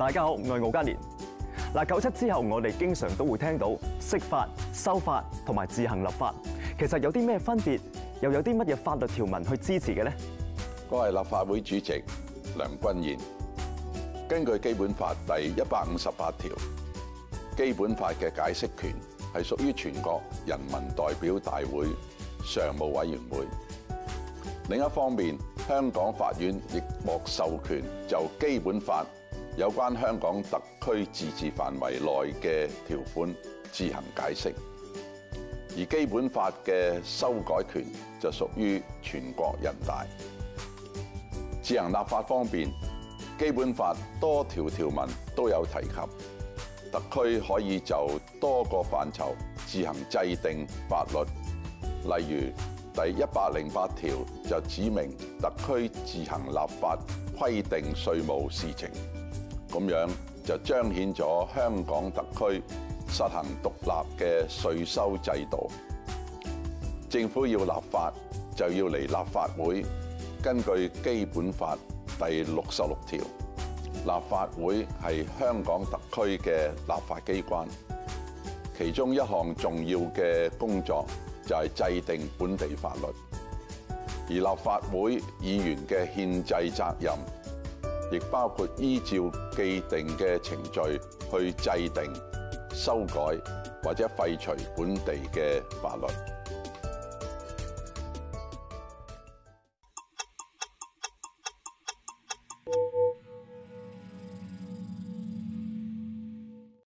大家好，我係敖嘉年。嗱，九七之後，我哋經常都會聽到釋法、修法同埋自行立法。其實有啲咩分別，又有啲乜嘢法律條文去支持嘅呢？我係立法會主席梁君彥。根據《基本法》第一百五十八條，《基本法》嘅解釋權係屬於全國人民代表大會常務委員會。另一方面，香港法院亦獲授權就《基本法》有關香港特區自治範圍內嘅條款自行解釋，而基本法嘅修改權就屬於全國人大。自行立法方面，基本法多條條文都有提及，特區可以就多個範疇自行制定法律。例如第一百零八條就指明特區自行立法規定稅務事情。咁樣就彰顯咗香港特區實行獨立嘅稅收制度。政府要立法就要嚟立法會，根據《基本法》第六十六條，立法會係香港特區嘅立法機關，其中一項重要嘅工作就係制定本地法律，而立法會議員嘅憲制責任亦包括依照既定嘅程序去制定、修改或者廢除本地嘅法律。